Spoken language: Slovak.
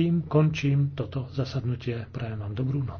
Tým končím toto zasadnutie. Prajem vám dobrú noc.